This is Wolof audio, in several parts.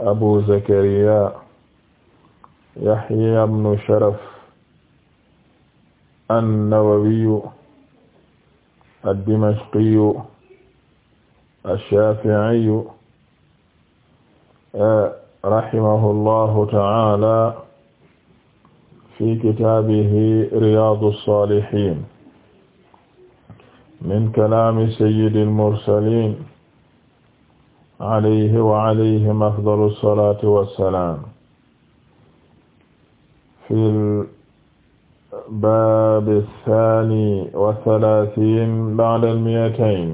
abu zakariya yahya ibnu sharaf an-nawawiyu ad-dimashqiyu ash-shafi'iyu eh, rahimahullahu ta'ala fi kitaabihi riyaadu saalihiin min kalaami sayyidil mursaliin alayhi wa alayhim afdalu salaati wa salaam fil baabi saani wa salaasiin ba'dal mi'atayn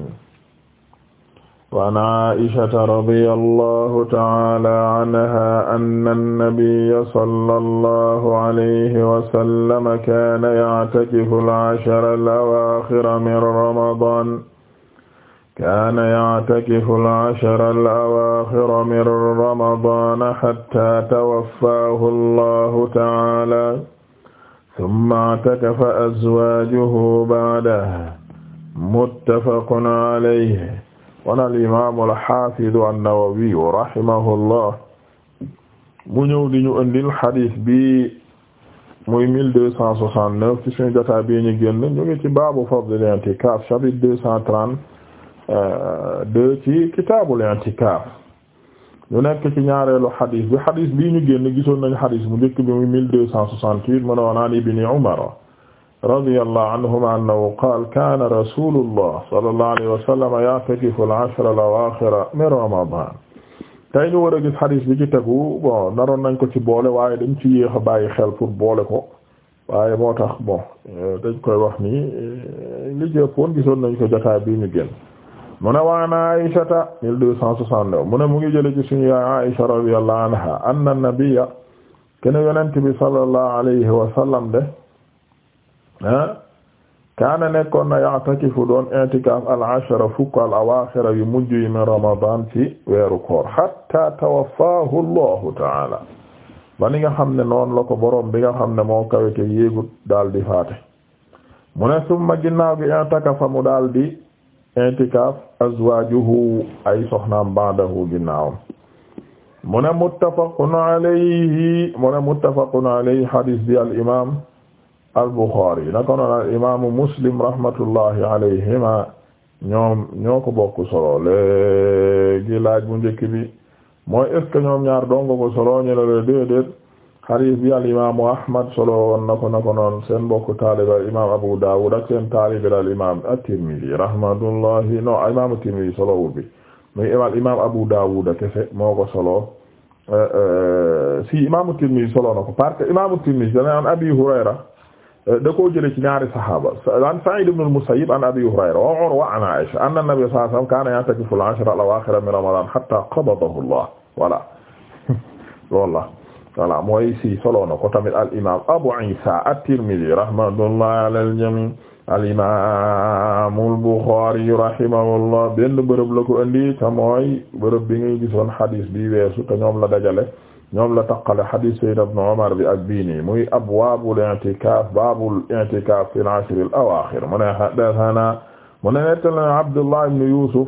wa an Aa'ishata radiyallahu ta'aalaa anhaa anna nabiyya sallallahu alayhi wa sallam kaana ya'takifu al-'ashara al-awaakhira min ramadaan kaana yactakifu al-cashara al-awaaxira min ramadaana xattaa tawaffaahu allahu tacaala summa ctakafa azwaajuhu bacdahu muttafaqun calayhi kon al-imaamu al-xaafidu an-nawawiyu rahimahullah mu ñëw di ñu andil xadiis bi muy 1269 ci suñu jotaay bi ñu génn ñu ngi ci baabu fadlil i'tikaaf chapitre 230 Euh, deux ci kitaabul i'tikaaf ñu nekk ci ñaareelu xadis bi xadis bii ñu génn gisoon nañu xadis bu njëkk bi muy mille cent soixante-huit mu ne woon an ibni Umar radiyallahu anhuma annahu qaala kaana rasuulullah sallallahu alayhi wa sallam ya'takifu al-ashra al ramadaan tey ñu war a gis xadis bi ci tegu bon naroon nañ ko ci boole waaye dañ ci yéex a bàyyi xel pour boole ko waaye moo tax bon dañ koy wax ni li jëppoon gisoon nañ ko jotaay bii ñu génn mu ne waan Aïshata mu ngi jële ci suñu yaay Aïsha radiyallahu anha anna nabiyya kene yonent sallallahu alayhi wa de ah kaana nekkoon na ya'takifu doon i'tikaaf al-ashara fukk al-awaaxira yu mujj yi min Ramadan ci weeru koor hatta tawaffaahu Allahu ta'ala ba nga xam ne noonu la ko bi nga xam ne moo kawe te yéegut daal di faate mu ne summa ginnaaw gi mu daal di intikaaf azwaajuhu ay soxnaam ba'dahu ginnaawam mu ne muttafaqun alayhi mu ne muttafaqun alayhi hadis bi al imaam al buxaari naka noonu muslim rahmatullahi alayhima ñoom ñoo ko bokk solo léegi laaj bu njëkk bi mooy est ñoom ñaar doon ko solo ñu ne hadis bi al imaamu Ahmad solo woon na ko na ko noon seen mbokku taalibe al imaam Abu Dawud ak seen taalibe al imaam at-Tirmidhi rahmatullahi no imaam at-Tirmidhi solo wul bi muy al imaam Abu Dawud kese moo ko solo eh, eh, si imaam at-Tirmidhi solo na ko parce que imaam at-Tirmidhi dana an Abi Hurayra eh, da koo jëlee ci ñaari saxaaba an Sa'id ibn al-Musayyib an Abi Hurayra wa Urwa an Aisha anna an-nabiy sallallahu alayhi wa sallam kaana ya'takifu al-ashra al-awaakhira min Ramadan hatta qabadahu Allah voilà voilà mooy si solo na ko tamit al imam Abu Isa at rahmatullah ala al-jami al imam al la ko indi te mooy bërëb bi ngay gisoon hadis bi weesu te ñoom la dajale ñoom la taqale hadis sayyid ibn Umar bi ak bii nii muy abwaabul i'tikaaf baabul i'tikaaf fil ashr mu Abdullah ibn Yusuf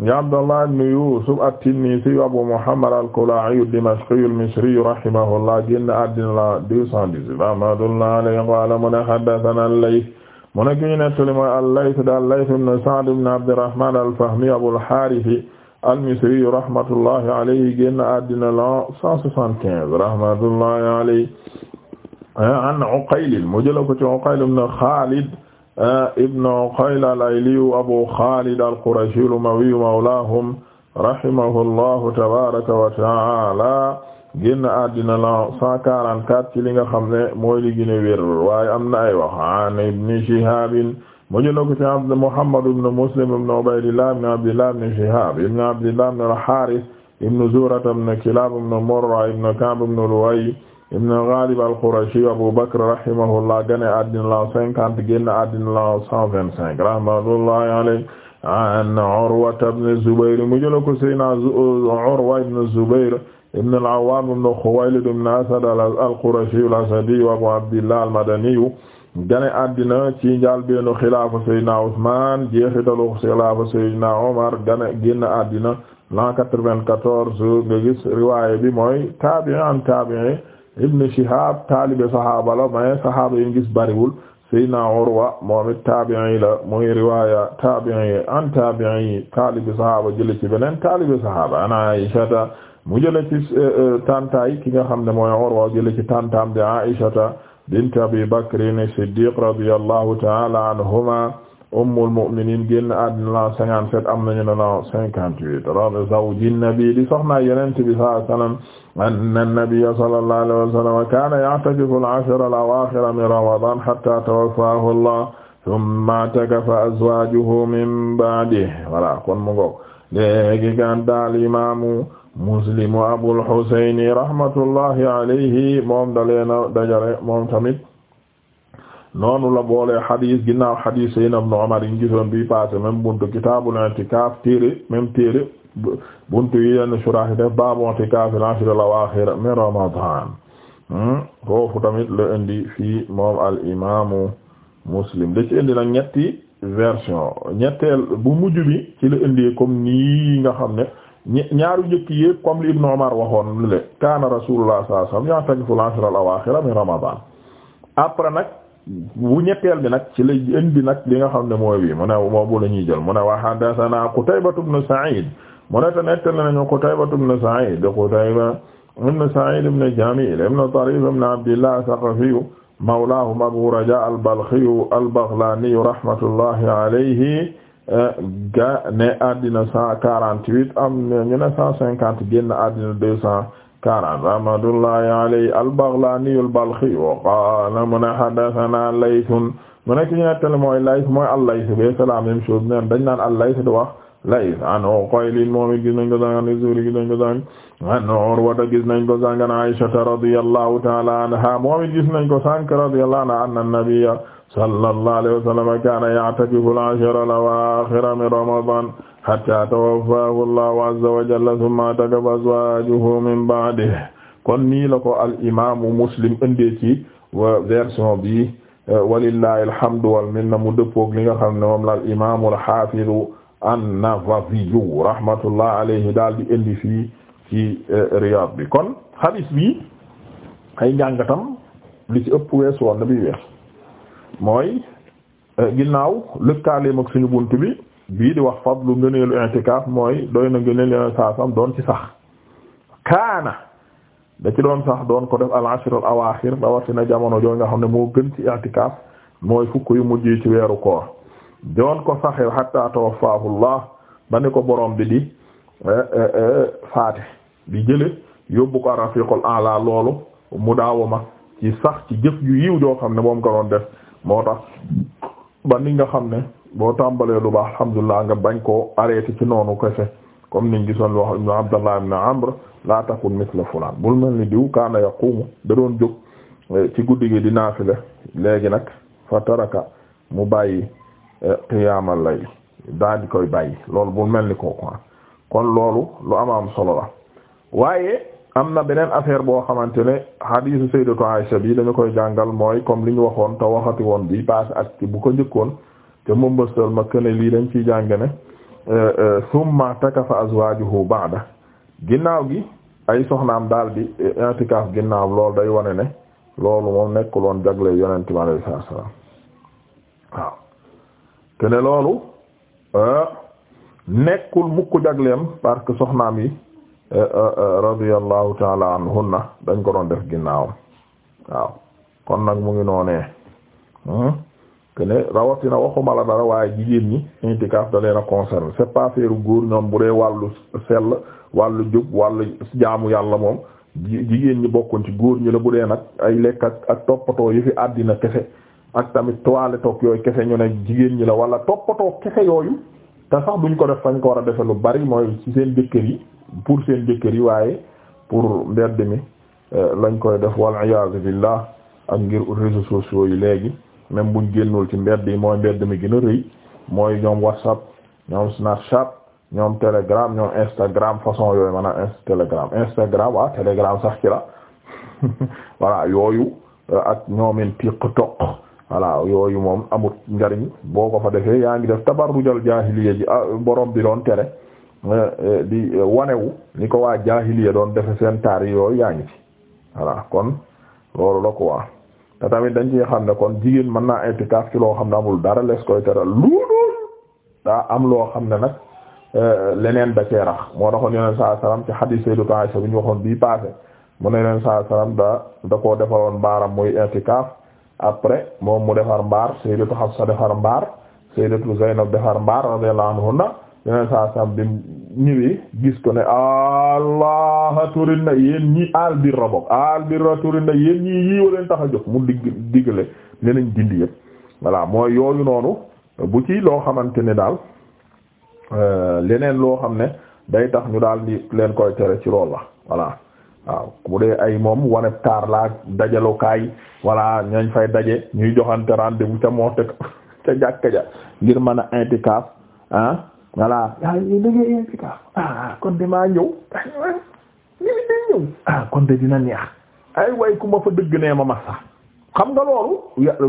ya Abdallah ibn Yusuf at-Tinnisi Abu Muhammad al-Kala'i ad-Dimashqi al-Misri rahimahullah génn àddina la 210 rahmatullahi alayhi qala mu ne haddathana al-Layth mu ne ki ñu nettali mooy al-Layth da al-Layth ibn Sa'd ibn Abdirrahman al-Fahmi Abu al-Harith al-Misri rahmatullahi alayhi génn àddina la 175 rahmatullahi alayhi an Uqayl mu jël ko ci Uqayl ibn Khalid Eh, ibn Uqayl al-Ayliyu abu Xaalid al-Qurashiyu al-Umawiyu mawlaahum rahimahullahu tabaaraka wa ta'aala génn àddina la 144 ci li nga xam ne mooy li gën a wér waaye am na ay wax an ibn Shihaab mu jëloon ko ci abd Muhammad ibn Muslim ibn Ubaydillah ibn Abdillah ibn Shihaab ibn Abdillah ibn al-Haaris ibn Zuhra ibn Kilaab ibn Murra ibn Ka'b ibn Lu'ay ibn Ghalib al-Qurashi Abu Bakr rahimahullah gane addina la cinquante génn addina la cent vingt cinq rahmatullahi alayhi an Urwa ibn Zubayr mu jëla ko Seydina Urwa ibn Zubayr ibn al-Awwam ibn Khuwaylid ibn Asad al-Qurashi al-Asadi Abu Abdillah al-Madani gane addina ci njëlbéenu xilaafa Seydina Usmaan jeexitalu xilaafa Seydina Umar gane génn addina l'an quatre-vingt-quatorze nga gis riwaaya bi mooy tabi'i an tabi'i ibn Shihab taalibe sahaaba la mais sahaaba yi gis bariwul Seydina Urwa moom it taabi'i la muy riwaaya taabi'i an taabi'i taalibe sahaaba jële ci beneen taalibe sahaaba an Aysata mu jële ci euh, euh, tantaay ki nga xam ne mooy Urwa jële ci tantaam di Aysata bint Abi Bakr as-Siddiq radiyallahu ta'ala anhuma ummul mu'minin génn àddina la cinquante-sept am nañu ne la cinquante-huit ran zawji nabi di soxna yonent bi sallallahu alayhi wa sallam anna nabiyya sallallahu alayhi wa sallam kana ya'takifu al-ashra al-awakhira min ramadan hatta tawaffahu Allah thumma i'takafa azwajuhu min ba'dihi voilà kon mu ngoog léegi kan daal imaamu Muslim Abul Husayn rahmatullahi alayhi moom dalee na dajale moom tamit noonu la boolee xadis ginnaaw xadis Seydina Ibn Umar yiñ gisoon bi passé même buntu kitaabul i'tikaaf téere même téere buntu yi yenn surah yi def baabu i'tikaaf fil ashr al-awaakhir min Ramadan hmm? foofu tamit la indi fii moom al imaamu Muslim da ci indi nag ñetti version ñetteel bu mujj bi ci la indi comme nii nga xam ne ñaaru njëkk yi comme li Ibn Umar waxoon le kaana Rasulullah sallallahu alayhi wasallam ya'takifu al-ashr al-awaakhir min Ramadan après nag bu ñetteel bi nag ci la indi nag li nga xam ne mooy bi mu ne boobu la ñuy jël mu ne wa haddathana Qutaybatu ibn Sa'id mu ne te nettali nañu Qutaybatu ibn Sa'id Qutayba ibn Sa'id ibn Jamil ibn Tarif ibn Abdillah Thaqafi mawlahum Abu Raja al-Balkhi al-Baghlani rahmatullahi alayhi ga ne addina cent quarante-huit am ñu ne cent cinquante génn addina deux cents karan rahmatullahi alayhi al-Baghlani al-Balkhi wa qaala mu ne haddathana Layth mu nekk ñu nettali mooy Layth mooy al-Layth bi salaam même chose neen dañ naan al-Layth di wax Layth an Uqayl moom it gis nañ ko sàngan Zuhri gis nañ ko sàng an Urwata gis nañ ko sàngan Aisha radiyallahu ta'ala anha moom it gis nañ ko sànk radiyallahu anha anna an-nabiyya sallallahu alayhi wa sallam kaana ya'takifu al-ashara al-awaakhira min Ramadan hatta tawaffahu allahu azza wa jalla thumma ataka azwajuhu min ba'dihi kon nii la ko al imaamu muslim indee version bi walillahi alhamdu wal minna mu dëppoog li nga xam ne moom la al imaamu al haafidu an-Nawawi rahmatullah alayhi daal di indi fii ci eh, Riyad bi kon hadis bi ay njàngatam li ci ëpp wees woon na wees mooy eh, ginnaaw lëkkaaleem ak suñu bunt bi bii di wax fadlu ngëneelu i'tikaaf mooy doy na ngëneelu yeneen saa doon ci sax kaana da ci doon sax doon ko def al ashr al awaaxir rawatina jamono joo nga xam ne moo gën ci i'tikaaf mooy fukk yu mujj ci weeru koor doon ko saxee hatta tawaffaahu Allah ko borom bi di eh, eh, eh, faate di jële yóbbu ko rafiqul a'la loolu mu ci sax ci jëf ju yiw joo xam ne moom ko doon def moo tax ba ni nga xam ne boo tàmbalee lu baax alhamdulillah nga bañ koo arrêté ci noonu kese comme niñ gisoon wax ibn Abdallah ibn Amr la takun mithla fulaan bul mel ni diw kaana yaqumu da doon jóg eh, ci guddi gi di naafile léegi nag fa taraka mu bàyyi eh, qiyaamal lay daal di koy bàyyi loolu bul mel ni kooku ah. kon loolu lu ama am solo la waaye am na beneen affaire boo xamante ne hadiisu sayyidatu Aisha bi dañu koy jàngal mooy comme li ñu waxoon te waxati woon bi paase ak bu ko njëkkoon te moom mbëstal ma ne lii dañ ciy jàng ne eh, eh, summa takafa azwajuhu ba'da ginnaaw gi ay soxnaam daal bi eh, i'tikaf ginnaaw loolu day wane ne loolu moom nekkuloon jagle yonent bi alayhi salaam waaw te loolu nekkul mukk jagleem parce que soxnaam yi radiyallahu taala anhunna dañ ko doon def ginnaawam waaw kon nag mu ngi noonee hmm? que ne rawatina waxuma la dara waaye jigéen ñi intikaaf da na a concerné c'est pas góor ñoom bu dee wàllu sell wàllu jub wàllu jaamu yàlla moom jigéen ñi bokkoon ci góor ñi la bu dee nag ay lekk ak toppatoo yi fi àddina kese ak tamit toile toog yooyu kese ñu ne jigéen ñi la wala toppatoo kese yooyu te sax buñ ko def fañ ko war a defe lu bari mooy ci seen jëkkër yi pour seen jëkkër yi waaye pour mbedd mi euh, lañ koy def wal iyaazu billah ak ngir réseaux sociaux yi léegi même buñ génnul ci mbedd yi mooy mbedd mi gën a rëy mooy ñoom whatsapp ñoom snapchat ñoom telegram ñoom instagram façon yooyu maanaam telegram instagram waaw telegram sax ki la voilà yooyu euh, ak ñoomin tiktok voilà yooyu moom amut njariñ boo ko fa defee yaa ngi def tabarrujal jaahiliya ji ah, borom bi doon tere euh, euh, di wanewu ni ko waa jaahiliya doon defee seen taar yi yooyu yaa ngi ci voilà kon loolu la quoi te tamit dañ ci xam ne kon jigéen mën naa itikaaf ki loo xam ne amul dara lees koy teral lu daa am loo xam ne nag euh, leneen da cee moo taxoon yeneen saa salaam ci xadiis Sayyidatu Aysa bi ñu waxoon bii passé mu ne yeneen saa salaam da da koo defaroon mbaaram muy itikaaf après moom mu defar mbaar Sayyidatu Hafsa defar mbaar Sayyidatu Zaynab defar mbaar radiyallahu na yeneen gis ko ne allah turin na yéen na yéen a jóg mu digg diggale ne nañ dindi yëpp mooy yooyu noonu bu ci loo xamante ne daal euh, leneen loo xam ne day tax ñu daal di leen koy tere ci loolu la voilà waaw bu dee ay moom wane taar laa dajalukaay voilà ñañ fay daje ñuy joxante rendez-vous ca moo ca jàkka ja ngir mën a intikaaf ah voilà yaa ngi liggéey i'tikaf ah kon de maa ñëw lii day ñëw ah, kon de dina neex ay way ku ma fa dëgg nee ma massa xam nga loolu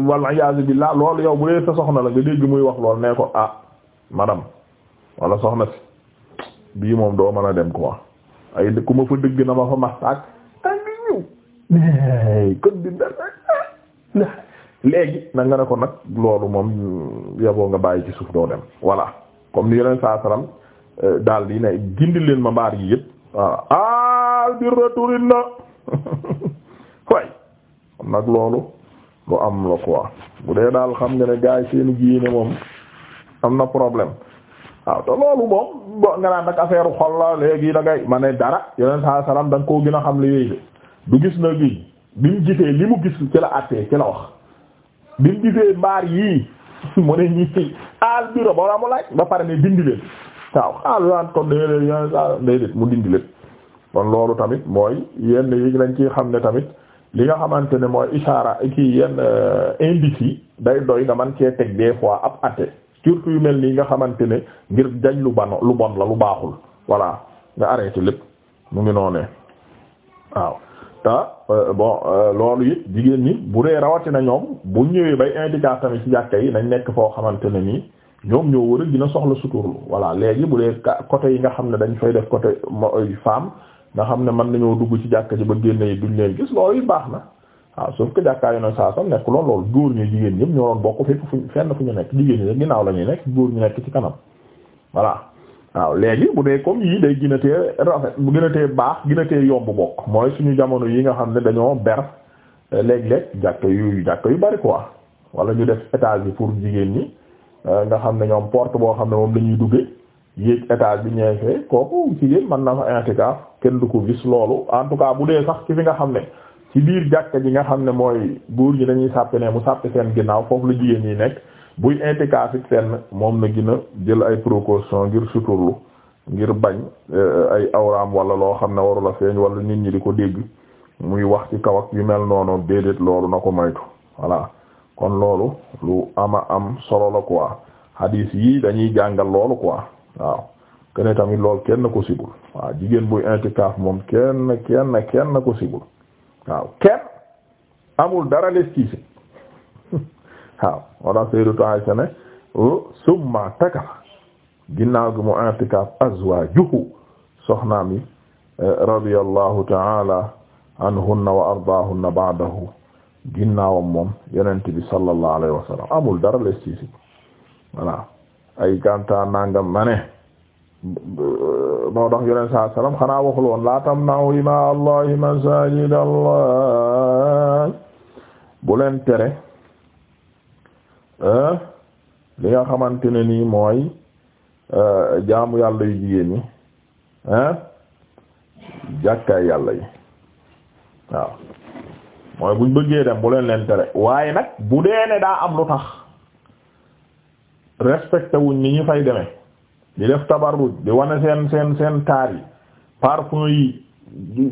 wal iyaazu billah loolu yow bu dee sa soxna la nga dégg muy wax loolu nee ko ah madame wala soxna si bii moom doo mën a dem quoi ay ku ma fa dëgg na ma fa massa ak ay ngi ñëw léegi na nga ne ko nag loolu moom yaboo nga bàyyi ci suuf doo dem voilà comme ni yeneen saa salaam euh, daal di ne gindi leen ma mbaar yi yëpp waaw ah, al birra turin na way nag loolu lu am la bu dee daal xam nga ne gars yi seen jiine moom am na problème waaw ah, te loolu moom bo nga naan nag affaire xol la léegi da ma ne dara yeneen saa salaam koo gën a xam li yéy du gis na bi bi mu gisee li mu gis ci la àttee ci la wax bi mu gisee mbaar yii mu ne ñii al bureau ba mu laaj ba pare ne dindi leen waaw xaaral daan kon da ngay mu dindi leen kon loolu tamit mooy yenn yi lañ ci xam ne tamit li nga xamante ne mooy ishaara kii yenn euh, indice yi day doy nga man cee teg des ab atte surtout yu mel nii nga xamante ne ngir jañ lu ban lu bon la lu baaxul voilà nga arrêté lépp mu ngi noonee waaw. te euh, bon euh, loolu it jigéen ñi bu dee rawatina ñoom bu ñëwee bay indiquer tamit ci jàkka yi nañ nekk foo xamante ne nii ñoom ñoo war a dina soxla suturlu voilà léegi bu dee côté yi nga xam ne dañ fay def côté euh, femme nga xam ne man nañoo dugg ci jàkka ji ba génne yi duñ leen gis loolu yi baax na waaw sauf que jàkkaay na saa sam nekk lool loolu góor ñu jigéen ñëpp ñoo doon bokk fépp fu fenn fu ñu nekk jigéen ñi rek ginnaaw la ñuy nekk góor ñu nekk ci kanam voilà. waaw léegi bu dee comme yii day gën tee rafet bu baax gën a tee yomb bokk mooy suñu jamono yi nga xam ne dañoo ber euh, léeg-léeg jàkk yu jàkk yu bari quoi wala ñu def étage bi pour jigéen ñi euh, nga xam ne ñoom porte boo xam ne moom la ñuy duggee yéeg étage bi ñeefee kooku jigéen mën na fa intikaf kenn du ko gis loolu en tout bu dee sax ci fi nga xam ne ci biir jàkk ji nga xam ne mooy buur ñi dañuy sàppe ne mu sàppe seen ginnaaw foofu la jigéen ñi nekk buy intikaaf it fenn moom na gën jël ay précaution ngir suturlu ngir bañ eh, ay awraam wala loo xam ne warula feeñ wala nit ñi di ko dégg muy wax ci kaw ak yu mel noonu déedéet loolu na ko moytu voilà kon loolu lu ama am solo la quoi hadis yi dañuy jàngal loolu quoi waaw kene tamit lool kenn ko sibul waaw jigéen buy intikaaf moom kenn kenn kenn ko sibul waaw kenn amul dara les tiise waaw moo tax Sayyidatu Aisha ne oh, summa takala ginnaaw gi mu i'tikaaf azwaajuhu soxnaam yi eh, radiyallahu ta'ala anhunna wa ardaahunna ba'dahu ginnaawam moom yonent sallallahu alayhi wa amul dara les ci voilà ay gàntaa nangam ma ne moo tax yonent saa sallam xanaa waxul woon laa tamna'u ima allahi masajid tere Euh, li nga xamante ne nii mooy euh, jaamu yàlla yu jigéen ñi jàkkaay yàlla yi waaw mooy buñ bëggee dem bu leen leen tere waaye nag bu dee ne daa am lu tax respecté wuñ ni ñu fay demee di def tabarruj di seen seen seen taar yi parfum yi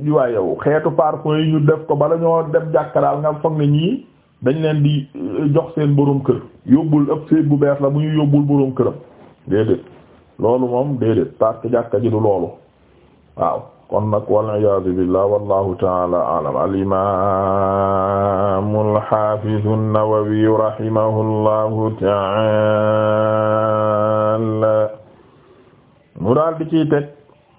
di waaye yow xeetu parfum yi ñu def ko bala ñoo dem jàkka daal nga foog ne ñii dañ leen di euh, jox seen borom kër yóbbul ëpp seet bu bees la bu ñu yóbbul borom këram déedéet loolu moom déedéet parce que jàkka ji du loolu waaw kon nag wal iyaadu billah wallahu taala alam al mu al hafiz an-Nawawi rahimahullahu taala mu daal di ciy teg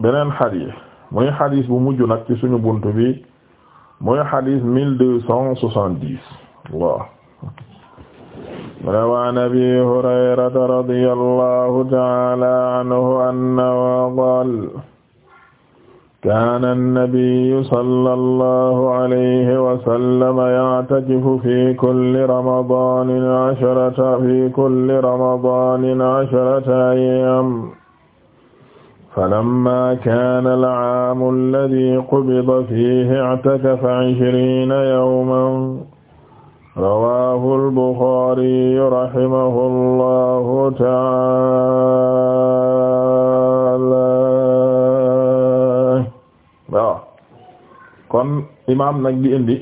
beneen xadiis muy xadiis bu mujj nag ci suñu bunt bi muy xadiis mille deux cent soixante-dix Allah rawaan abi hurayrata radiyallahu ta'ala anhu annahu qaala kaana annabiyyu sallallahu alayhi wa sallam ya'takifu fi kulli ramadaanin asharata fi kulli ramadaanin asharata ayyaam falammaa kaana al-'aamu alladhii qubida fiihi i'takafa 'ishriina yawman rawaahu al-Buxaari rahimahullahu waaw kon imaam nag di indi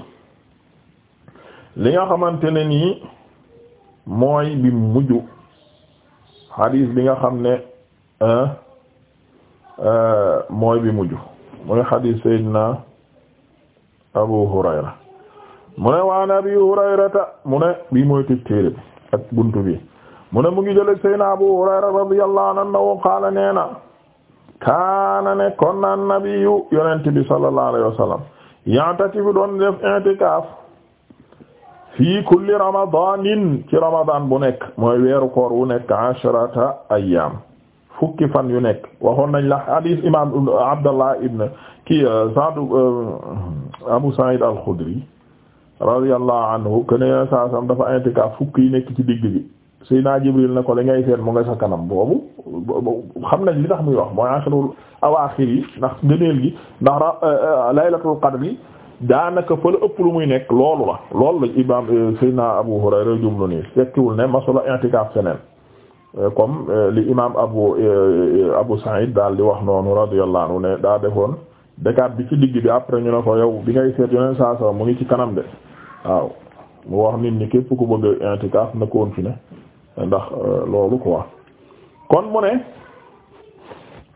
li nga xamante ne nii mooy bi mujj xadiis bi nga xam ne euh, mooy bi mujj mooy xadiis Seydina Abu Hurayra mu ne waan abi hurayrata mu ne bii buntu bi mu ne mu ngi jële sayna abu hurayra radiyallahu anhu qaala nee na kaana ne kon na nabiyu yonent bi sallallahu alayhi wa sallam ya'takifu doon def i'tikaaf fii kulli ramadanin ci ramadan bu nekk mooy weeru koor wu nekk asharata ayyam fukki fan yu nekk waxoon nañ la euh, euh, abu sa'id al-khudri radiyallahu anhu que ne yeneen saa dafa intikaaf fukk yi nekk ci digg bi Seydina Jibril na ko li ngay seet mu nga sa kanam boobu xam na li tax muy wax mooy ashrul awaaxir yi ndax ngëneel gi ndax euh, euh, laylatul qadr bi daanaka fa la ëpp lu muy nekk loolu la loolu la imaam euh, Seydina Abu Hurayra jumlu nii fekkiwul ne masula intikaaf feneen comme li imaam Abu Abu daal di wax noonu radiyallahu anhu ne daa defoon décate bi ci digg bi après ñu ne ko yow bi ngay seet yeneen mu ngi ci kanam de waaw mu wax nit ñi képp ku bëgg i'tikaaf na continuer ndax euh, loolu quoi kon mu ne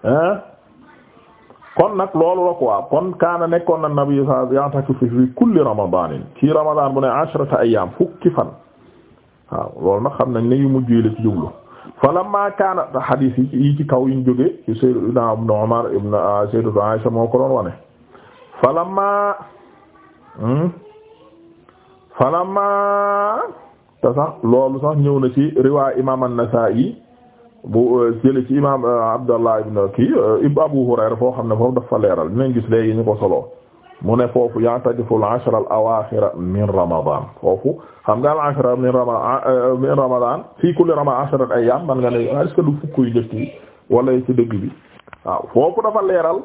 hein kon nag loolu la quoi kon kaana nekkoon na nabi sa ya'takifu fi kulli ramadanin ci ramadan bu ne ashrata ayyam fukki fan waaw loolu nag xam nañ ne yu mujj yi la ci jublu falamma kaana hadith yi ci kaw yiñ jóge ci sayyidina ibn Umar ibn ah, moo ko doon wane falamma hmm? falamma te sax loolu sax ñëw na ci riwaay imaam an-Nasaa'i bu euh, jële ci imaam euh, Abdallah ibn kii euh, Abu Hurayra foo xam ne foofu dafa leeral dinañ léegi ñu ko ne xam nga man nga ne est-ce que du fukk yu njëkk yi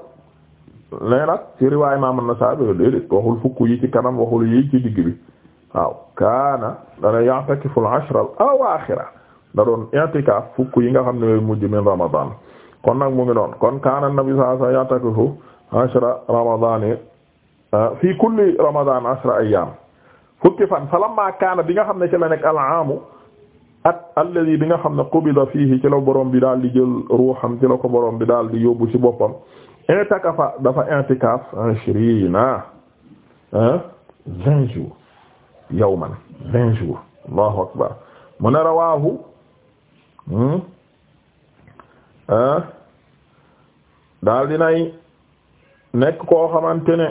nag ci riwaay imaam an-Nasaa'i waxul fukk yi ci kanam waxul yi ci digg bi. waaw kaana dana ya'takifu al al-awaaxira da doon i'tikaaf fukk yi nga xam ne mu mujj min Ramadan kon nag mu ngi doon kon kaana nabi sallallahu alayhi wasallam Ramadaan fii kulli Ramadan ashra fukki fan falammaa kaana bi nga xam ne ci la nekk al-aamu at alladhi bi nga xam ne qubida fiihi ci la borom bi daal di jël ruuxam ci ko borom bi daal di yóbbu ci boppam i'takafa dafa i'tikaaf 'ishriina vingt jours yawman vingt jours allahu akbar mu ne rawaahu hmm, ah, daal dinay nekk koo xamante ne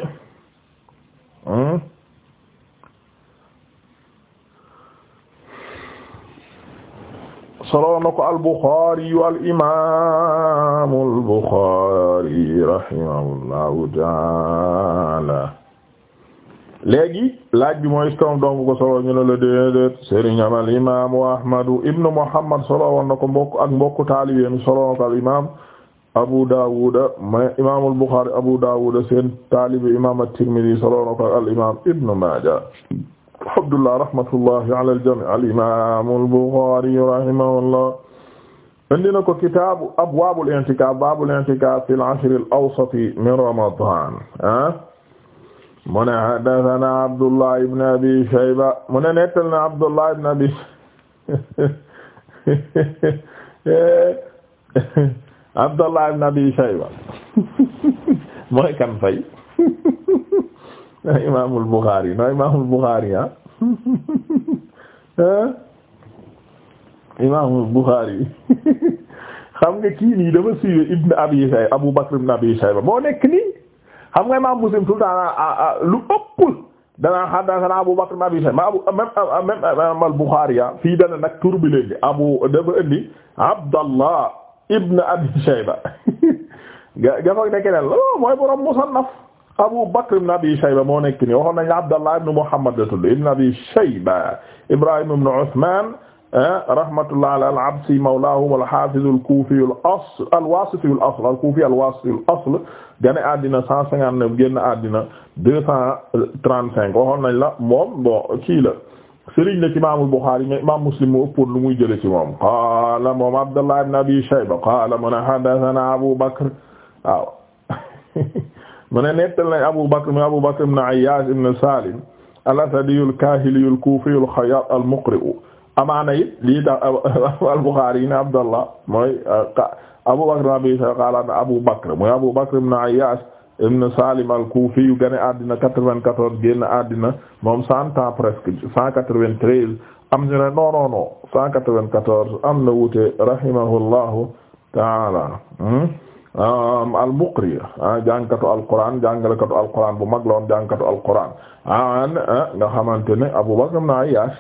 hmm, soloo na ko al-Bukhari wal imaam al-Bukhari rahimahullahu taala laaj bi mooy stom dong ko solo ñu ne la déedéet sëriñam al imaamu ahmadu ibnu muhammad solo woon na ko mbokk ak mbokku taalibeem solo ko al imaam abu daawuda ma imaamul buxaari abu daawuda seen taalibe imaam at-tirmidi solo na ko al imaam ibnu maaja abdullah rahmatullahi ala al jamii al imaamul buxaari rahimahullah indi na ko kitaabu abwaabul i'tikaaf baabul i'tikaaf fil ashril awsati min ramadaan ah mu ne haddathana Abdullah ibn Abi Shayba mu ne na Abdullah ibn Abi Abdullah ibn Abi Shayba mooy kan fay Imaamul Bukhari no Imaamul Bukhari ah eh? Imaamul Bukhari xam nga kii nii dafa siiwee Ibn Abi Shayba Abu ibn Abi Shayba moo xam nga imaam Muslim tout le temps ah, ah, lu ëpp danaa haddathana Abu Bakr ibn Abi Shayba abu même même al-Bukhari ah, fii dana nag tur bi leen di abu dafa indi Abdallah ibn Abi Shayba ga ga foog ne keneen loolu oh, mooy borom Musannaf Abu Bakr ibn Abi Shayba moo nekk nii waxoon nañ Abdallah ibn Muhammad la tudd ibn Abi Shayba Ibrahim ibn Uthman Eh, rahmatullah ala al-Absi mawlahum al-Hafiz al-Kufi al-asl al-Wasiti al-asl al-Kufi al-Wasiti al-asl gane àddina cent cinquante neuf génn àddina deux cent trente cinq waxoon nañ la moom bon kii la sëriñ la ci imaamul Bukhari mais imaam Muslim moo ëppoon lu muy jële ci moom qaala moom Abdullah ibn Abi Shayba qaala mu ne haddathana Abu Bakr waaw mu ne nettal nañ Abu Bakr mu Abu Bakr ibn Ayyash ibn Salim al-Asadi al-Kahili al-Kufi al-Khayyat al-Muqri amaana it lii tax al-Bukhari yi ne Abdallah mooy Abu Bakr abi qala Abu Bakr mooy Abu Bakr ibn Ayyash ibn Salim al-Kufi yu gane àddina quatre-vingt-quatorze génn àddina moom cent ans presque cent quatre-vingt-treize am ñu ne non non non cent quatre-vingt-quatorze am na wuute rahimahullahu taala hmm? um, al-Muqri ah, jàngkatu al-Qur'an jàngalekatu al-Qur'an bu mag la woon jàngkatu al-Qur'an ah, ah, nga xamante ne Abu Bakr ibn Ayyash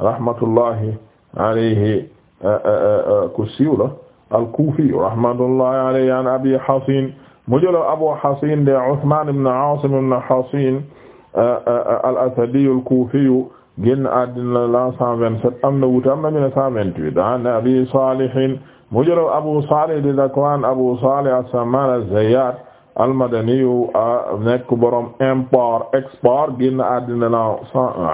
rahmatullahi alayhi eh, eh, eh, ku siiw la al-Kufi rahmatullahi alayhi an Abi Hasin mu jël Abu Hasin de Uthman ibn Asim ibn Hasin al-Asadi al-Kufi génn àddina la 127 am na wuute am na ñu ne 128 an Abi Salih mu jël Abu Salih de Zakwan Abu Salih as-Samman az-Zayyat almadaniyu a nekk borom import export génn àddina la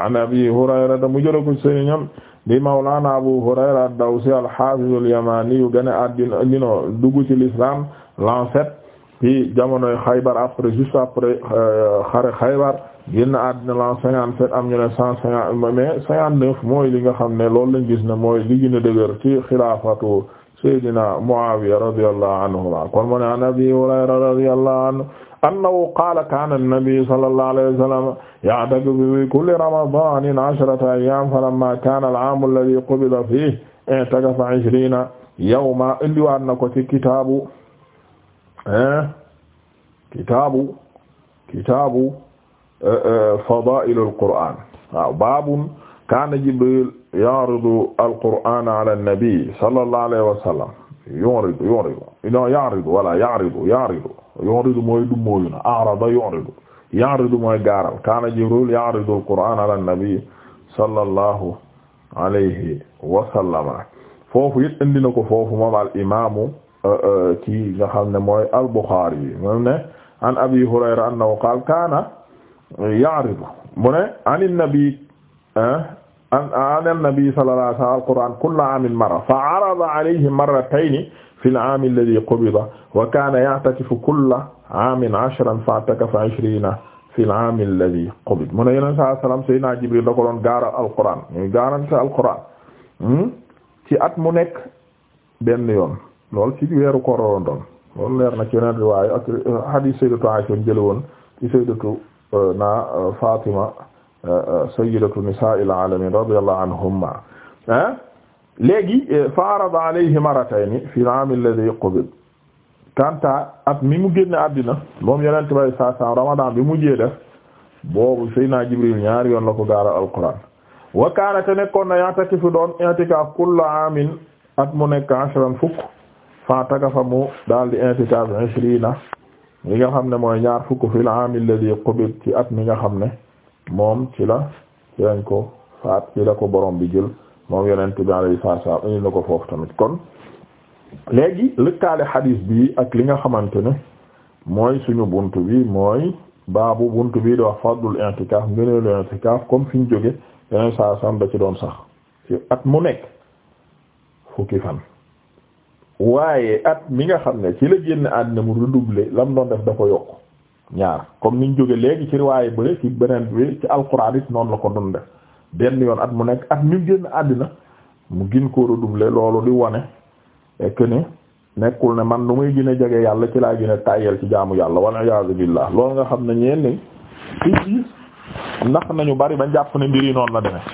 an abi hurayrata mu jëla ko sëriñam di mawlana abu hurayra ad-dawsi al-hafiz al-yamaniyu génn àddina dino dugg ci l'islam l'an sept ci jamonoy xaybar après juste après euh, xare xaybar génn àddina l'an cinquante-sept am ñu ne cent cinquante mais cinquante-neuf mooy li nga xam ne loolu lañ gis ne mooy li gën dëgër ci xilaafatu Seydina Muawiya radiyallahu anhu kon mu ne an Abi Hurayra radiyallahu anhu annahu qaala kaana an-nabiyyu sallallahu alayhi wa sallam ya'takifu fi kulli ramadaanin ashrata ayyaam falammaa kaana al-'aamu alladhii qubida fiihi i'takafa 'ishriina yawman indiwaat na ko ci kitaabu kitaabu kitaabu eh, eh, fadaa'ilul Qur'aan waaw baabun kaana jibril ya'ridu alqur'ana ala an-nabi sallallahu alayhi wa sallam yuridu yuridu non ya'ridu wala ya'ridu ya'ridu yuridu mooy du mooyu na arada yuridu ya'ridu mooy gaaral kaana jibril ya'ridu alqur'ana ala an-nabi sallallahu alayhi wa sallam foofu it indi na ko foofu moom al imaamu uh, uh, kii nga xam ne mooy al Buxaari yi moom ne an Abi Hurayra annahu qaala kaana ya'ridu mu ne an an-nabi uh, an an-nabi sallallahu alayhi wa sallam al-Qur'aan kulla aamin marra fa arada alayhi marratayni fi al-aam alladhi qubida wa kaana ya'takifu kulla aamin ashran fa'takafa ishriina fi al-aam alladhi qubida mu ne yonent saa salaam Seydina Jibril da ko doon gaara al-Qur'aan ñuy gaarante al-Qur'aan hmm, ci at mu nekk benn yoon lool ci weeru koor la doon loolu leer na ci yeneen riwaaya ak euh, hadiis Sayyidatu Aisha jëlee woon ci Sayyidatu euh, na euh, Fatima sayyidatu nisaa'il aalamiin radiyallahu anhummaa ah? léegi eh, fa arada alayhi marratayni fil aami alladhii qubida kanta at mi mu génn àddina moom yonent bi saa saa ramadan bi mujjee def boobu Seydina Jibril ñaari yoon la ko gaaral alquran wa kaana te nekkoon na ya'takifu doon i'tikaaf kulla aamin at mu nekk ashran fukk fa takafa mu daal di i'tikaaf ishriina li nga xam ne mooy ñaar fukk fil aami alladhii qubida ci at mi nga xam ne moom ci la ci ko faat ci la ko borom bi jël moom yonent bi yi salaam indi na ko foofu tamit kon léegi lëkkaale xadiis bii ak li nga xamante ne mooy suñu bunt bi mooy baabu bunt bi di wax fadlul i'tikaaf ngëneelu i'tikaaf comme fi ñu jóge yeneen saa sam da ci doon sax ci at mu nekk fukki fan waaye at mi nga xam ne ci la génn àddina mu redoubler lam doon def da ko yokk ñaar comme niñ jóge léegi ci riwaaye bële ci beneen bi ci alquran it noonu la ko doon benn yoon at mu nekk at mi génn àddina mu gin ko redoubler loolu di wane que ne nekkul ne man lu may gën a jege yàlla ci laa gën a ci jaamu yàlla wal iyaazu billah loolu nga xam ne ñeen ni ndax nañu bari ba jàpp ne mbir noon noonu la demee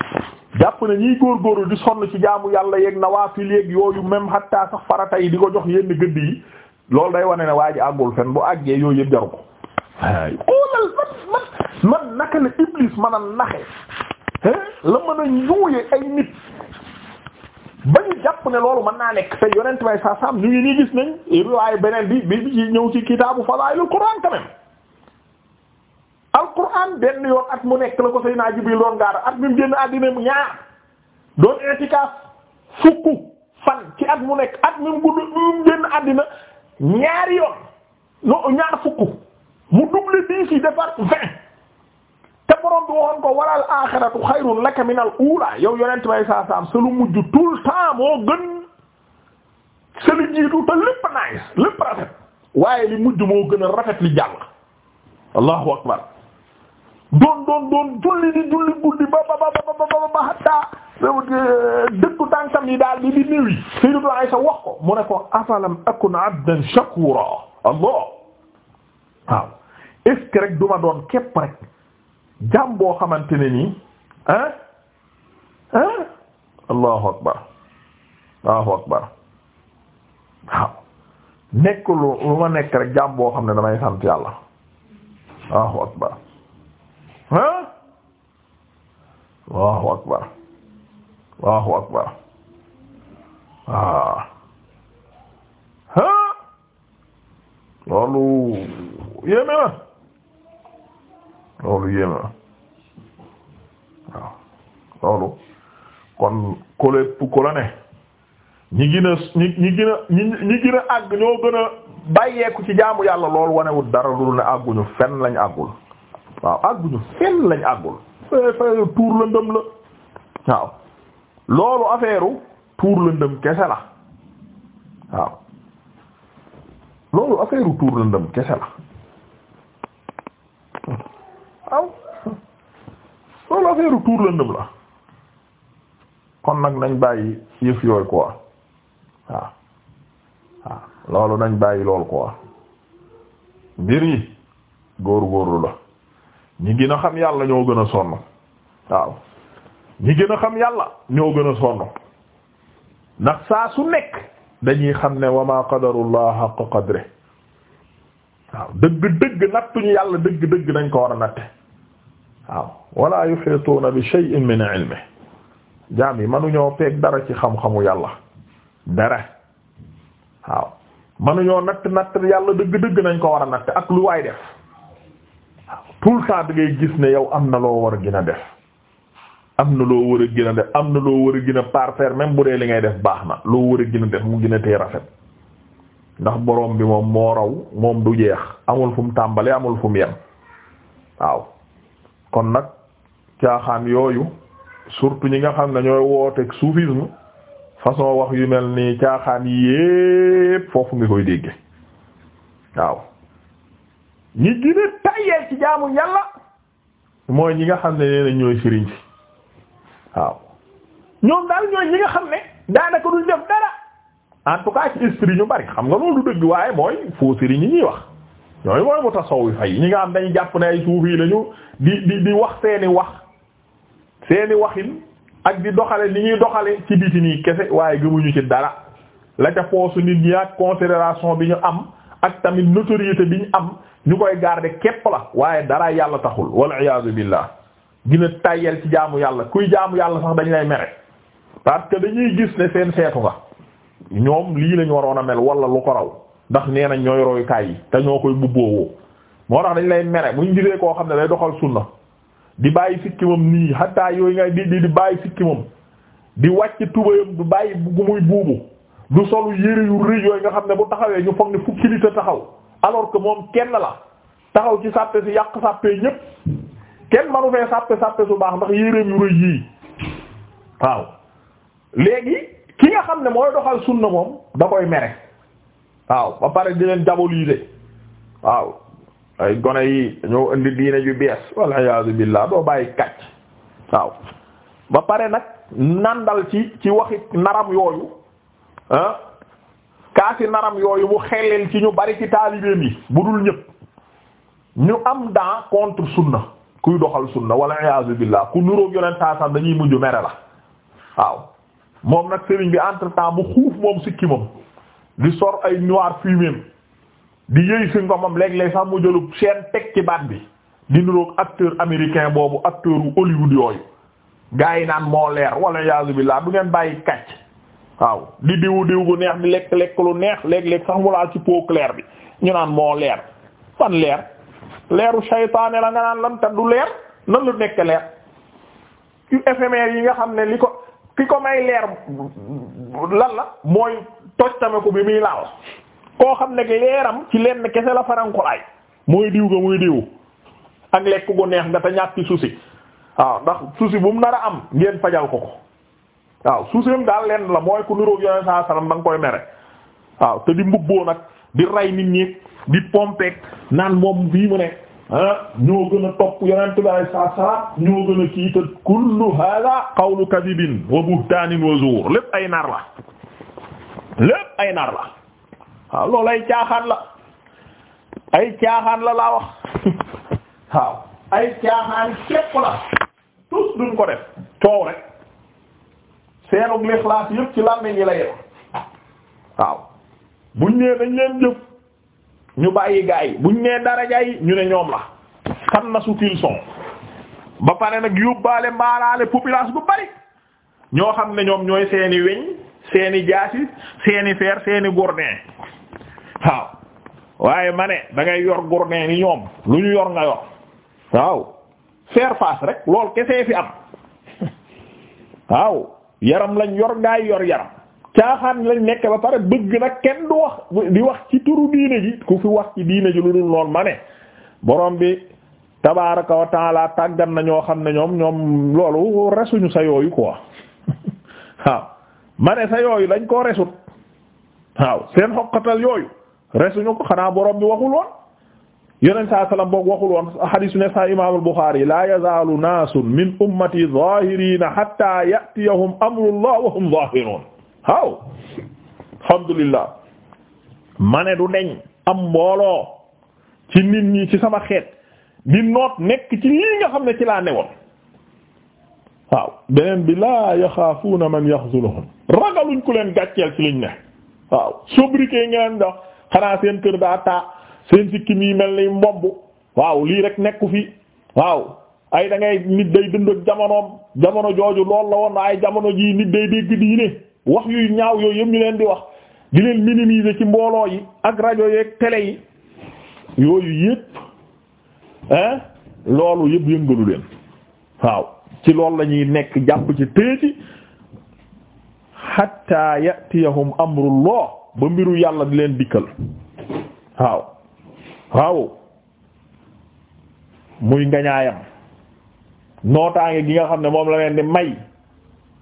jàpp ne ñiy góorgóorlu di sonn ci jaamu yàlla yeeg nawaafil yeeg yooyu même hatta sax farata yi di ko jox yenn gëdd yi loolu day wane ne waa ji àggul fen bu àggee yooyu yëpp jaru waaye xoolal man man man naka la iblis mën a naxe la mën a ñuuye ay nit ba ñu jàpp ne loolu mën naa nekk te yonent bay saa ñu ngi nii gis nañ riwaay beneen bi bi ci ñëw ci kitaabu fadaa'ilul Qur'aan quand même alquran benn yoon at mu nekk la ko Seydina Jibril doon gaara at mi mu génn àddina mu ñaar doon itikaaf fukk fan ci at mu nekk at mi mu gudd mu génn àddina ñaari yoon no ñaar fukk mu double dix yi defar vingt te borom bi waxoon ko walal axiratu xayrun laka min al ula yow yonent bay saa saam sa lu mujj tout le temps moo gën sa lu jiitu te lépp nice lépp rafet waaye li mujj moo gën a rafet li jàll allahu akbar doon doon doon julli di julli guddi ba ba ba ba ba ba hatta dëkku tànkam yi daal di di néew yi Sayyidatu Aysa wax ko mu ne ko afalam akun abdan shakura allah waaw est-ce que doon képp rek jaam boo xamante ne nii ah ah allahu akbar allahu akbar waaw nekk lu lu nekk rek jaam boo xam ne damay sant yàlla allahu akbar ah allahu akbar allahu akbar ah ah loolu yéeme loolu yéeme na waaw loolu kon kolépp ku la ne ñi gën a ñi ñi gën àgg ñoo gën bàyyeeku ci jaamu yàlla loolu wanewul dara lu ne àgguñu fenn lañu àggul waaw àgguñu fenn lañ àggul fee fee tuur la ndëm la waaw loolu affaire tuur la ndëm kese la waaw loolu affaire tuur la ndëm kese la waaw loolu affaire tuur la la kon nag nañ bàyyi yëf yooyu quoi waaw waaw loolu nañ bàyyi loolu quoi mbir yi góor góorlu la ñi gën a xam yàlla ñoo gën a sonn waaw ñi gën a xam yàlla ñoo gën a sonn ndax saa su nekk dañuy xam ne wa ma qadarullah haqq qadri waaw dëgg dëgg nattuñu yàlla dëgg dëgg nañ ko war a natte waaw wala yuhituuna bi shay'in min ilmihi jaam yi mënuñoo peeg dara ci xam-xamu yàlla dara waaw mënuñoo natt natt yàlla dëgg-dëgg nañ ko war a natt ak lu waay def waaw tout le temps da ngay gis ne yow am na loo war a gën a def am na loo war a gën a def am na loo war a gën a parfaire même bu dee li ngay def baax na loo war a gën a def mu gin a tee rafet ndax boroom bi moom moo raw moom du jeex amul fu mu tàmbalee amul fu mu yem waaw kon nag caaxaan yooyu surtout ñi nga xam ne ñooy wooteeg soufisme façon wax yu mel nii caaxaan yépp foofu nga koy dégge waaw ñi gën a ci jaamu yàlla mooy ñi nga xam ne nee na ñooy sëriñ si waaw ñoom daal ñooy ñi nga xam ne daanaka duñ def dara en ci esprit ñu bari xam nga loolu dëgg waaye mooy faux sëriñ yi ñuy wax yooyu mooy mutasawwifa yi ñi nga am dañu jàpp ne ay yi lañu di di di wax seeni wax seeni waxin ak di doxale li ñuy doxale ci biti nii kese waaye gëmuñu ci dara la ca foosu nit ñi ak considération bi ñu am ak tamit notoriété bi ñu am ñu koy garde képp la waaye dara yàlla taxul wal iyaazu billah gina tayel ci jaamu yàlla kuy jaamu yàlla sax dañ lay mere parce que dañuy gis ne seen seetu nga ñoom lii lañu waroon a mel wala lu ko raw ndax nee nañ ñooy royukaay yi te ñoo koy bubboowoo moo tax dañ lay mere buñ gisee koo xam ne day doxal sunna di bàyyi sikki moom nii hatta yooyu ngay di di di bàyyi sikki moom di wàcc tubayam du bàyyi bu muy buubu du solu yére yu rëy yooyu nga xam ne bu taxawee ñu foog ne fukki nit a taxaw alors que moom kenn la taxaw ci sàppe si yàq sàppee ñépp kenn manu fee sàppe sàppe su baax ndax yéreem yu rëy yii waaw léegi ki nga xam ne mooy doxal sunna moom da koy waaw ba pare di leen diaboliser waaw ay gone yi ñoo indi diine ju bees walla iyaazu billaah doo bàyyi kàcc pare nag nandal ci ci waxi naram yooyu ah kaasi naram yooyu mu xelel ci ñu bari ci taalibeem yi bu dul ñëpp ñu am dans contre sunna kuy doxal sunna walla iyaazu billaah ku nuroog yonent taasam dañuy mujj mere la waaw moom nag sëriñ bi entre temps mu xuuf moom sikki moom di sor ay noir fumier di yëy si ngomam léeg-léeg sax mu jëlu chaîne teg ci baat bi di niroog acteur américain boobu acteur u yooyu gars yi naan moo leer wala yaasu billah du ngeen bàyyi kàcc waaw di diwu diw bu neex di lekk lekk lu neex léeg-léeg sax mu laal ci pot clair bi ñu naan moo leer fan leer leeru saytaane la nga naan lan ta du leer nan la nekk leer ci yi nga xam ne li ko ki ko may leer lan la mooy toj tame ko bi muy laal koo xam ne leeram ci leen kese la farankulaay mooy diw ga muy diw ak lekk gu neex nga te ñàkk ci waaw ndax souci bu mu nar a am ngeen fajal ko ko waaw souciam daal leen la mooy ku niroog yoneen saa salaam koy mere waaw te di mbubboo nag di rey nit ñi di pompeek naan moom fii mu ne ah ñoo gën a topp yonent bi ay saa saa ñoo gën a kii te kullu hada qawlu kadibin wa buhtanin wa zuur lépp ay nar la lépp ay nar la waaw loolu ay caaxaan la ay caaxaan la laa wax waaw ay caaxaan képp la tous duñ ko def coow rek seenug lixlaas yëpp ci làmmiñ yi la yem waaw buñ nee dañ leen jëf ñu bàyyi gaa yi buñ nee daraja yi ñu ne ñoom la xam na su qu'ils ba pare nag yóbbaale mbaalaale population bu bari ñoo xam ne ñoom ñooy seeni weñ seeni jaasi seeni feer seeni gourdin waaw waaye ma ne da ngay yor gourdin ni ñoom lu ñu yor nga yor waaw faire face rek lool kese fi am waaw yaram lañ yor gaay yor yaram caaxaan lañ nekk ba pare bëgg nag kenn du wax di wax ci turu diine ji ku fi wax ci diine ji lu dul lool ma ne borom bi tabaaraka wa taala tàggat na ñoo xam ne ñoom ñoom loolu resuñu sa yooyu ko waaw ma sa yooyu lañ koo resut waaw seen xoqatal yooyu resuñu ko xanaa borom bi waxul woon yeneen saa salaam boog waxul woon hadis ne sa imaamul Buxaari laa yazaalu naasun min ummati zaahiriina hattaa ya'tiyahum amrullah wa ne du deñ am mbooloo ci nit ñi ci sama xeet di noot nekk ci lii nga xam ne ci laa newoon waaw beneen bi laa yaxaafuuna man yaxzuluhum ragaluñ ku leen gàcceel ci liñ ne waaw sobriquet nga leen dox xanaa seen kër daa taa seen sikkim yi mel ni mbobb waaw lii rek nekku fi waaw ay da nit day dund ak jamonoom jamono jooju lool la won ay jamono jii nit day dégg diine wax yuy ñaaw yooyu yëpp ñu leen di wax di leen minimiser ci mbooloo yi ak rajo yeeg yi yooyu yëpp hein loolu yëpp yëngalu leen waaw ci loolu la ñuy nekk jàpp ci téeci hatta yatiyahum amrullah ba mbiru yàlla di leen dikkal waaw waaw muy ngañaayam nootaange gi nga xam ne moom la leen di may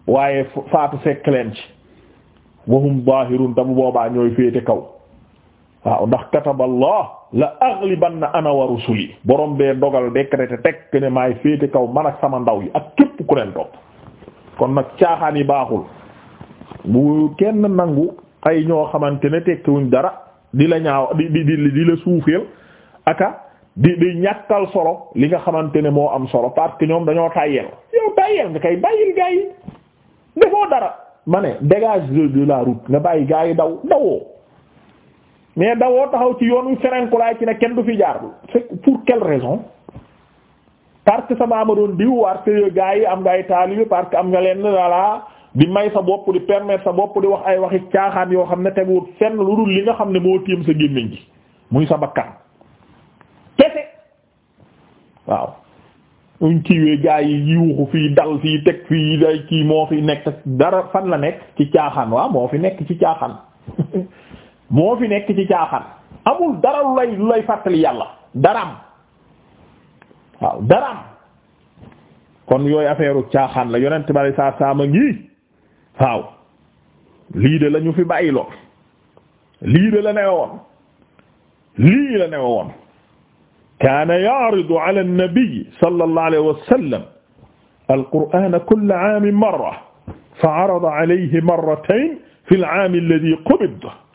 waaye faatu fekk leen ci wahum zahirun tabu boobaa ñooy féete kaw waaw ndax kataballah la ban na wa rusuli borom bee dogal décrété teg ne maay féete kaw man ak sama ndaw yi ak képp ku leen topp kon nag caaxaan yi baaxul bu kenn nangu ay ñoo xamante ne tekkiwuñ dara di la ñaaw di di di di la suufeel aka di di solo li nga xamante ne moo am solo parce que ñoom dañoo tàyyeel yow tàyyeel nga kay bàyyil gaa yi defoo dara ma ne dégage de la route nga bàyyi gaa yi daw dawoo mais dawoo taxaw ci yoonu ferenkulaay ci ne kenn du fi jaar c'est pour quelle raison parce que sa maama doon diw parce que gars yi am nga ay taalibe parce que am nga leen lala di may sa bopp di permettre sa bopp di wax ay waxi caaxaan yoo xam ne teguwul fenn lu dul li nga xam ne moo tiim sa gémmiñ gi muy sa bakkan pese waaw uñ kiiwee gars yi yuuxu fii dal fii teg fii day kii moo fi nekk dara fan la nekk ci caaxaan waaw moo fi nekk ci caaxaan moo fi nekk ci caaxaan amul dara lu lay lu lay fàttali yàlla daraam waaw daraam kon yooyu affaire caaxaan la yonent bari saa saama ngi waaw lii de la ñu fi bàyyi lool lii de la newe woon lii la newe woon kaana ya'ridu ala an-nabi sallallahu alayhi wa sallam al-qur'ana kulla 'aamin marra fa 'arada 'alayhi marratayn fi al-'aam alladhi qubida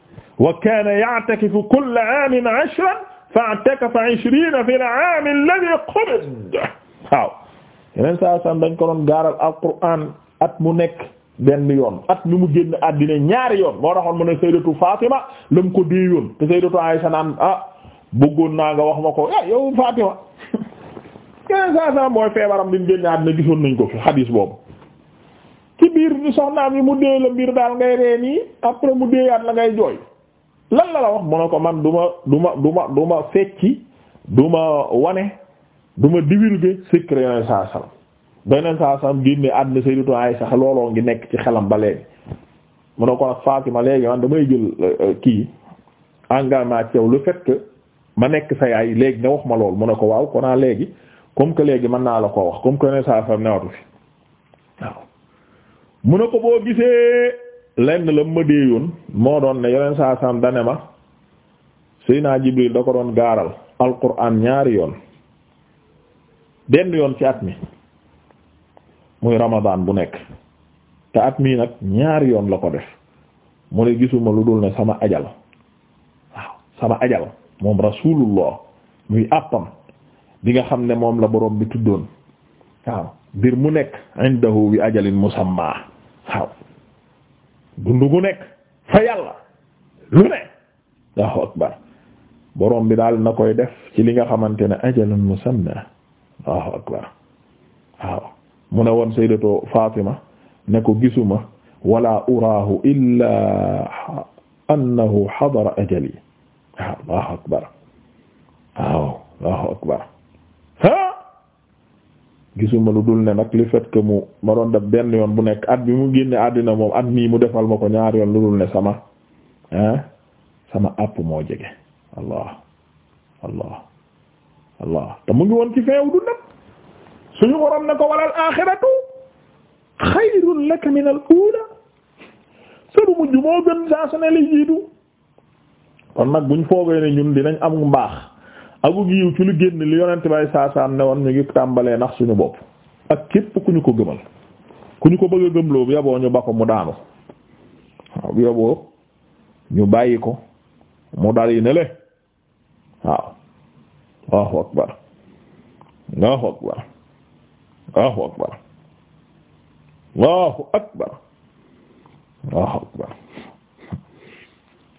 wa kaana ya'takifu kulla aamin ashran fa'takafa ishriina fil waaw yeneen saa san dañ ko doon gaaral alquraan at mu nekk benn yoon at mi mu génn àddina ñaari yoon moo taxoon mu ne sayyidatu Fatima la mu ko dee yoon te sayyidatu Aysa naan ah bëggoon naa nga wax ma ko ah yow Fatima yeneen saa san mooy feebaram bi génn àddina gisoon nañ ko fi xadiis boobu ci biir soxnaam yi mu dee la mbir daal ngay reen après mu deeyaat la ngay jooy lan la la wax mu ne ko man du ma du ma du ma du ma fecci du ma wane du ma divulguer secret yoneen saa sallam beneen saa sallam génne àddina Sayyidatu Aysa sax looloo ngi nekk ci xelam ba léegi mu ne ko nag Fatima léegi man damay jël euh, kii engagement ci lu le fait ma nekk sa yaay léegi nga wax ma lool mu ne ko waaw konaa léegi comme que léegi mën naa la koo wax comme que yoneen saa sallam newatu fi waaw mu ne ko boo gisee lenn la mu ma déeyoon moo doon ne yeneen saa saam dane ma Seydina Jibril da ko doon gaaral alquran ñaari yoon benn yoon ci at mi muy Ramadan bu nekk te at mii nag ñaari yoon la ko def mu ne gisuma lu dul ne sama ajal waaw sama ajal moom rasulullah muy àppam bi nga xam ne moom la boroom bi tuddoon waaw mbir mu nekk indahu bi ajalin musamma waaw dund gu nekk fa yàlla lu ne waaw borom bi daal na koy def ci li nga xamante ne ajalun musamma waaw akbar waaw mu ne woon sayyidatu Fatima ne ko gisuma wala uraahu illa annahu hadara ajali waaw allahu akbar waaw allahu akbar gisuma lu dul ne nag li fait que mu ma doon def benn yoon bu nekk at bi mu génne àddina moom at mii mu defal ma ko ñaar yoon lu dul ne sama ah sama àpp moo jege allah allah allah te mu ngi woon ci feew dundam suñu waroon ne ko walal aaxiratu xayrun laka min uula sa mujj moo gën saa su ne li jiitu kon nag buñ foogee ne ñun dinañ am mbaax aku yiw ci lu génn li yonent bay saasaam ne woon ñu ngi tàmbalee nax suñu bopp ak képp ku ñu ko gëmal ku ñu ko bëgg a bu yaboo ñu ba ko mu daanu bàyyi ko mu dal yi ne le waaw Allahu akbar Allahu akbar Allahu akbar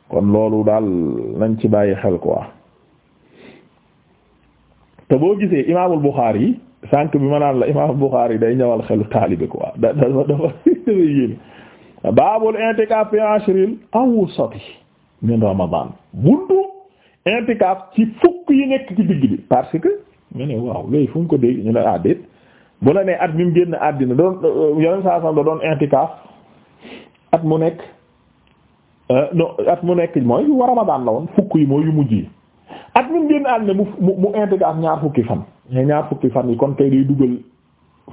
kon loolu daal nañ ci bàyyi xel quoi te boo gisee imaamul Buxaari yi sànq bi ma naan la imaamul Buxaari yi day ñëwal xelu taalibe quoi da dafa dafa yéen baabul i'tikaaf fi ashril awsati min Ramadan buntu i'tikaaf ci fukk yi nekk ci digg bi parce que ñu waaw léegi fu ko dégg ñu ne ah bu la nee at mi mu génn àddina doon yeneen saa sam da doon i'tikaaf at mu nekk euh, at mu nekk mooy yu Ramadan la woon fukk yi mooy yu mujj at mi génn àddina mu mu mu intégré ñaar fukki fan ñaar fukki fan yi kon kay day dugal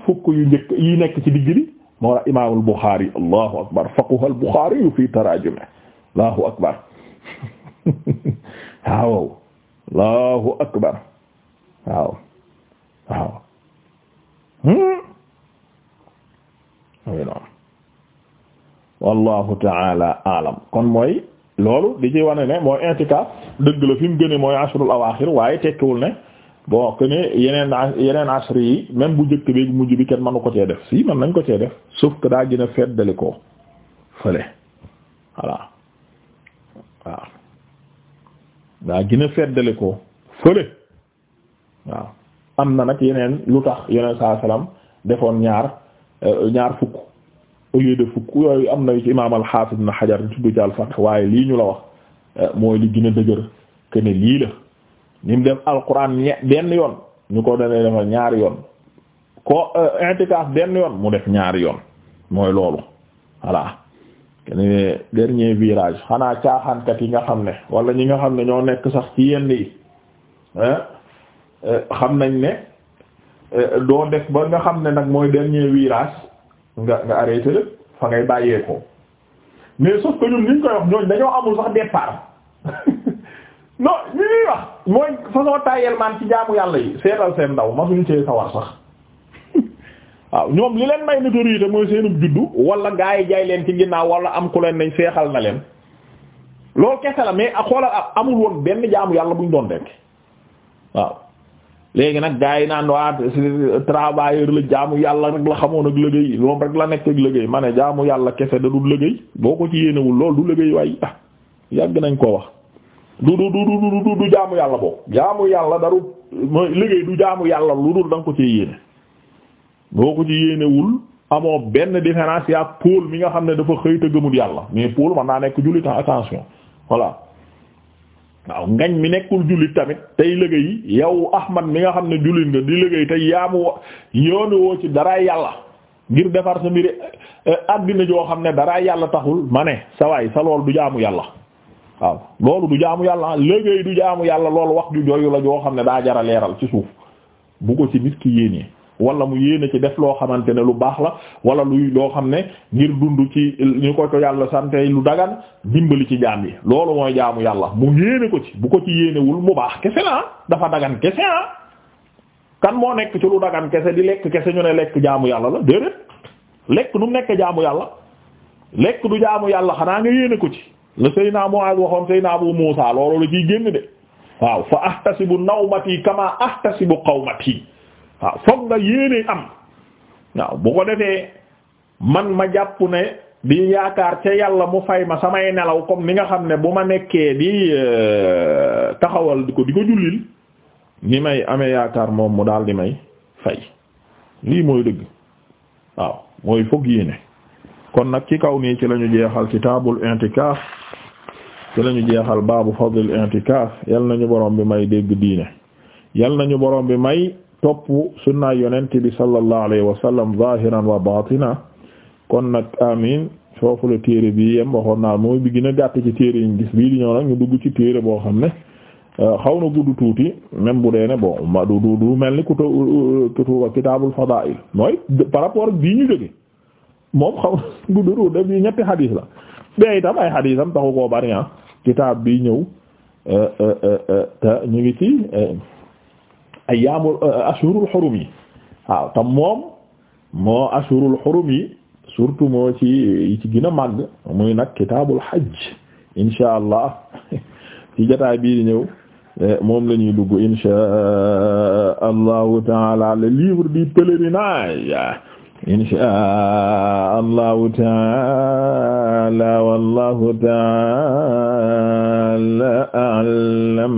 fukk yu njëkk yi nekk ci digg bi moo la imaamul allahu akbar faquhal allahu akbar waaw waaw waaw hmm? wallahu taala alam kon mooy loolu di ci wane ne mooy i'tikaaf dëgg la fi mu gëne mooy ashrul awaaxir waaye tekkiwul ne bon que yeneen yeneen asri yi même bu njëkk bi mujj bi kenn mënu ko cee def si mën nañ ko cee def sauf que daa gën a ko fële voilà waaw daa gën a ko fële waaw am na nag yeneen lu tax yeneen saa salaam defoon ñaar euh, ñaar fukk au de fukk yooyu am na ci imaam al-Hafiz Ibn Hajar di tudd ci al waaye lii ñu la wax eh, mooy li gën a dëgër que ne lii la ni mu def alquran benn yoon ñu ko dana defal ñaari yoon ko eh, i'tikaaf benn yoon mu def ñaari yoon mooy loolu voilà kenn dernier virage xanaa caaxaankat yi nga xam ne wala ñi nga xam ne ñoo nekk sax ci yenn yi eh, xam nañ ne doo def ba nga xam ne nag mooy dernier virage nga nga arrêté lépp fa ngay bàyyeekoo mais sauf que ñun liñ koy wax ñooñ dañoo amul sax départ non ñu ñuy wax mooy façon tayel man ci jaamu yàlla yi seetal seen ndaw masuñu cee sawar sax waaw ñoom li leen may notoriété mooy seenub juddu wala gaa yi jaay leen ci ginnaaw wala am ku leen ne seexal na leen loolu kese la mais xoolal amul woon benn jaamu yàlla buñ doon dekk waaw léegi nag gars yi naan waa travailleur la jaamu yàlla rek la xamoon ak liggéey moom rek la nekk ak liggéey ma ne jaamu yàlla kese da du liggéey boo ko ci yéenewul lool du liggéey waaye ah yàgg nañ koo wax du du du du du jaamu yàlla boobu jaamu yàlla daru mooy du jaamu yàlla lu dul da ko ci yéene boo ko ci yéenewul amoo benn différence yaa Paul mi nga xam ne dafa xëy te yàlla mais Paul man naa nekk jullit attention voilà waaw ngañ mi nekkul jullit tamit tey liggéey yow Ahmad mi nga xam ne jullit nga di liggéey tey yaamu yoonu woo ci dara yàlla ngir defar sa mbiri eh, eh, àddina joo xam ne dara yàlla taxul ma ne sa waay sa lool du jaamu yàlla waaw loolu du jaamu yàlla ah, liggéey du jaamu yàlla loolu wax ju jooyu la joo xam ne daa jara leeral ci suuf bu ko ci nit ki yéenee wala mu yéene ci def loo xamante ne lu baax la wala luy loo xam ne ngir dund ci ñu ko ko yàlla sante lu dagan dimbali ci jaam yi loolu mooy jaamu yàlla mu yéene ko ci bu ko ci yéenewul mu baax kese la dafa dagan kese ah kan moo nekk ci lu dagan kese di lekk kese ñu ne lekk jaamu yàlla la déedéet lekk nu nekk jaamu yàlla lekk du jaamu yàlla xanaa nga yéene ko ci le Seyna Muaz waxoon Seyna Abu Muusa loolu la ciy génn de waaw fa ahtasibu nawmati kama ahtasibu qawmati waaw foog nga yéene am waaw bu ko defee man ma jàpp ne di yaakaar ca yàlla mu fay ma samay nelaw comme ni nga xam ne bu ma nekkee di euh, taxawal di ko di ko jullil ni may ame yaakaar moom mu daal di may fay lii mooy dëgg waaw mooy foog yéene kon nag ci kaw nii ci lañu jeexal kitaabul intikaaf ci lañu jeexal baabu fadlil intikaaf yal nañu borom bi may dégg diine yal nañu borom bi may topp sunna yonent bi sallallahu alayhi wa sallam zahiran wa batina kon nag amin foofu la téere bi yem waxoon naa mooy bi gën a gàtt ci téere yi ñu gis bii di ñëw nag ñu dugg ci téere boo xam ne euh, xaw na gudd tuuti même bu dee ne bon ma du du mel ni kutu kutu kitaabul fadaa'il mooy par rapport bii ñu jóge moom xaw na gudd tuuti def ñetti xadiis la bee itam ay xadiisam taxu ko bari ah, kitaab bi ñëw euh, euh, te ñu ngi ci ayyaamul euh, ashurul xurum yi waaw te moom moo ashurul xurum yi surtout moo ci yi ci gën a màgg muy nag kitaabul hajj insha allah ci jotaay bii di ñëw eh, moom la ñuy dugg insha allahu taala le livre du pèlerinage insha allahu taala wallahu taala a'lam